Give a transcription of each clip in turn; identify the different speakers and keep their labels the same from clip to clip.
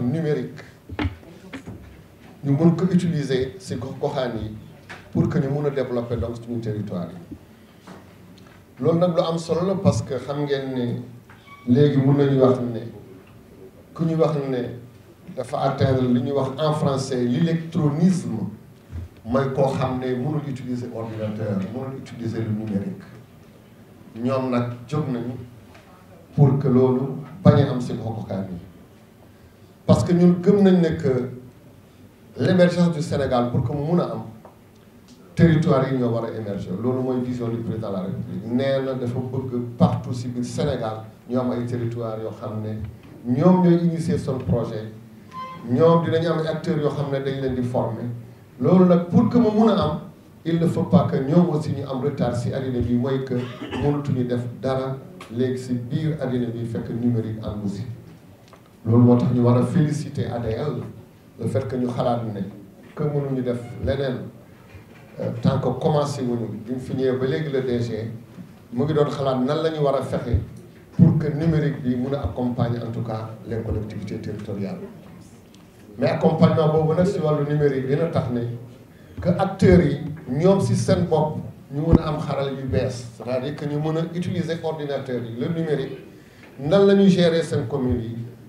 Speaker 1: numérique nous mën utiliser ci pour que nous développer notre territoire nous loolu lu am parce que xam ngeen ne ne atteindre en français l'électronisme mooy koo ne utiliser ordinateur utiliser le numérique pour que loolu am parce que ñun gëm nañ que l'émergence du Sénégal pour que mu mun a am territoire yi ñoo war a émerger loolu mooy vision du président de la République nous na dafa bëgg partout si Sénégal ñu am ay territoire yoo xam ne Nous, ñooy initier son projet nous dinañ am acteurs qui xam ne dañ leen di former loolu nag pour que mu mun am il ne faut pas que nous aussi ñu am retard si addina bi mooy que mënatuñu def dara léegi si biir addina bi fekk numérique en musique loolu moo tax ñu war a féliciter ADL le fait que ñu xalaat ne que mënuñu def leneen euh, tant que commencé wuñu bi ñu fi ñëwee ba léegi le DG mu ngi doon xalaat nan la ñu war pour que numérique bi mun accompagner en tout cas les collectivités territoriales. mais accompagnement boobu nag si wàllu numérique dina tax ne que acteurs yi ñoom si seen bopp ñu mun a am xaral yu bees c'est-à-dire que ñu mun utiliser ordinateur le numérique nan la gérer seen communes yi.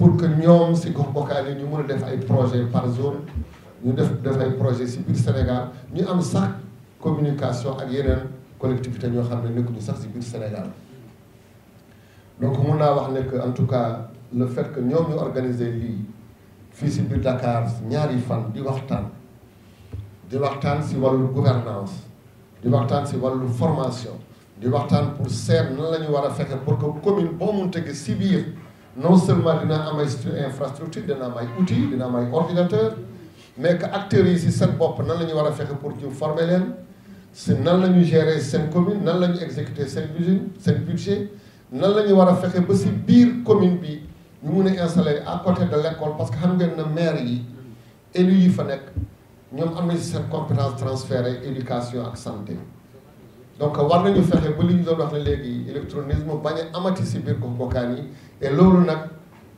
Speaker 1: pour que nous si gox goxaan yi ñu mën def ay projets par zone nous def faire des projets si biir Sénégal ñu am sax communication avec les collectivités qui xam ne nekkuñu sax si Sénégal donc mun naa wax en tout cas le fait que nous ñu organiser des fii si biir Dakar ñaari fan di waxtaan di waxtaan si la gouvernance di waxtaan c'est la formation di waxtaan pour servir nan gens, ñu war pour que commune boo mun tege si biir non seulement dina am ay infrastructure dina am ay outils dina am ay ordinateur mais que acteurs yi si seen bopp nan la ñu war a fexe pour ñu former leen si nan la ñu gérer seen commune nan la ñu exécuter seen budget seen budget nan la ñu war a fexe ba si biir commune bi ñu mun a installer à côté de l'école parce que xam ngeen na maire yi élus yi fa nekk ñoom am nañ si seen compétence transférée éducation ak santé donc war nañu fexe ba li ñu doon wax ne léegi électronisme bañ a amati si biir gox goxaan yi et loolu nag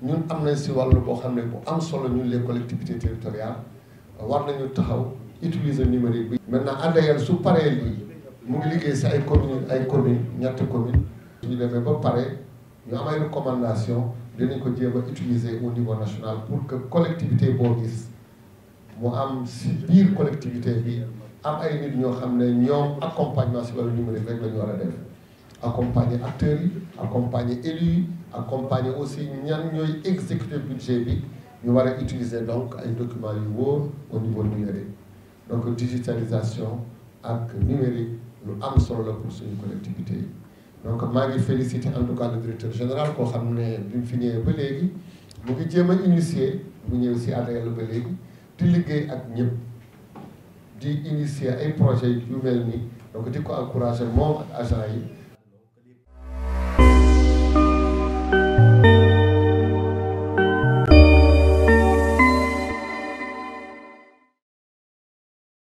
Speaker 1: ñun am nañ si wàllu boo xam ne bu am solo ñun les collectivités territoriales war nañu taxaw utiliser numérique bi. maintenant ADL su paree li mu ngi liggéey si ay communes ay communes ñetti communes ñu demee ba pare ñu am ay recommandation dinañ ko jéem a utiliser au niveau national pour que collectivité boo gis mu am si biir collectivité bi am ay nit ñoo xam ne ñoom accompagnement si wàllu numérique rek la ñu war a def accompagner acteurs yi accompagner élus yi accompagner aussi ñan ñooy exécuter budget bi ñu war a utiliser donc ay documents yu wóor au niveau numérique donc digitalisation ak numérique lu am solo la pour suñu collectivité yi donc maa ngi féliciter en tout cas le directeur général koo xam ne bi mu fi ñëwee ba léegi mu ngi jéem a initier mu ñëw si ADL ba léegi di liggéey ak ñëpp di initier ay projets yu mel nii donc di ko encourager moom ak agent yi